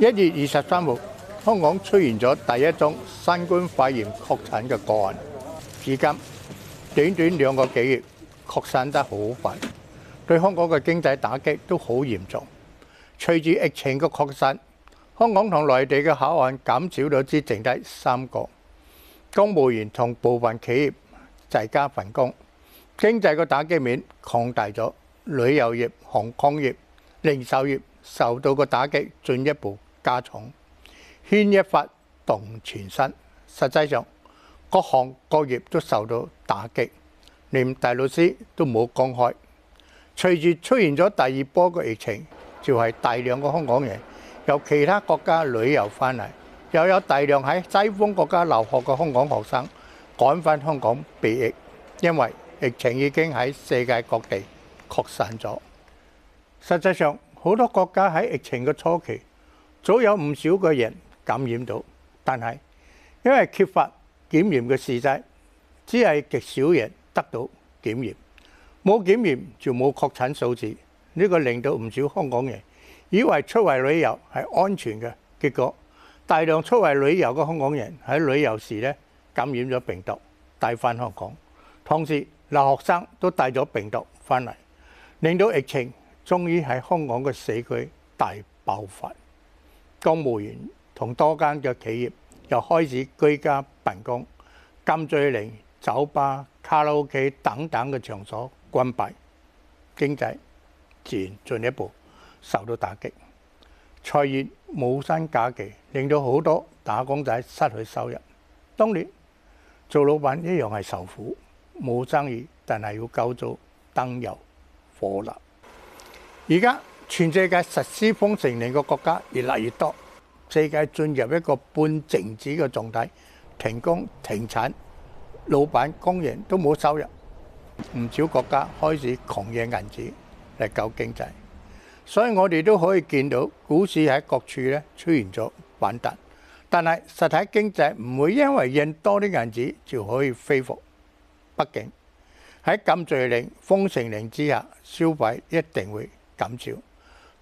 一月二十三號，香港出現咗第一宗新冠肺炎確診嘅個案。至今短短兩個幾月，確診得好快，對香港嘅經濟打擊都好嚴重。隨住疫情嘅擴散，香港同內地嘅口岸減少咗只剩低三個。公務員同部分企業就加份工，經濟嘅打擊面擴大咗。旅遊業、航空業、零售業受到嘅打擊進一步。加重牽一發動全身，實際上各行各業都受到打擊。連大老師都冇公開。隨住出現咗第二波嘅疫情，就係大量嘅香港人由其他國家旅遊翻嚟，又有大量喺西方國家留學嘅香港學生趕返香港避疫，因為疫情已經喺世界各地擴散咗。實際上好多國家喺疫情嘅初期。早有唔少嘅人感染到，但係因為缺乏檢驗嘅事實，只係極少人得到檢驗，冇檢驗就冇確診數字。呢個令到唔少香港人以為出外旅遊係安全嘅，結果大量出外旅遊嘅香港人喺旅遊時咧感染咗病毒，帶翻香港，同時留學生都帶咗病毒翻嚟，令到疫情終於喺香港嘅社區大爆發。公務員同多間嘅企業又開始居家辦公，金鑽零酒吧、卡拉 OK 等等嘅場所關閉，經濟自然進一步受到打擊。菜業冇薪假期，令到好多打工仔失去收入。當年做老闆一樣係受苦，冇生意，但係要交租、燈油火蠟。而家。全世界實施封城令嘅國家越嚟越多，世界進入一個半靜止嘅狀態，停工停產，老闆工人都冇收入，唔少國家開始狂印銀紙嚟救經濟，所以我哋都可以見到股市喺各處咧出現咗反彈，但係實體經濟唔會因為印多啲銀紙就可以恢復，畢竟喺禁聚令、封城令之下，消費一定會減少。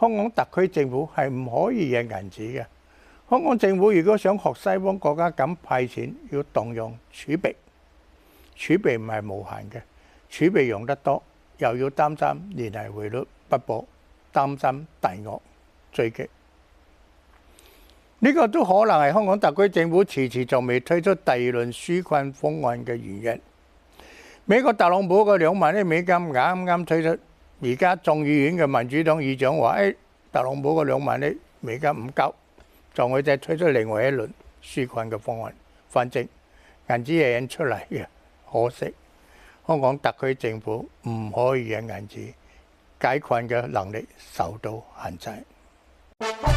香港特區政府係唔可以印銀紙嘅。香港政府如果想學西方國家咁派錢，要動用儲備，儲備唔係無限嘅，儲備用得多又要擔心聯繫匯率不保，擔心大鱷追擊。呢、這個都可能係香港特區政府遲遲仲未推出第二輪紓困方案嘅原因。美國特朗普個兩萬億美金啱啱推出。而家眾議院嘅民主黨議長話，誒、哎，特朗普嗰兩萬億美金唔夠，仲會再推出另外一輪紓困嘅方案。反正銀紙印出嚟嘅，可惜香港特區政府唔可以印銀紙，解困嘅能力受到限制。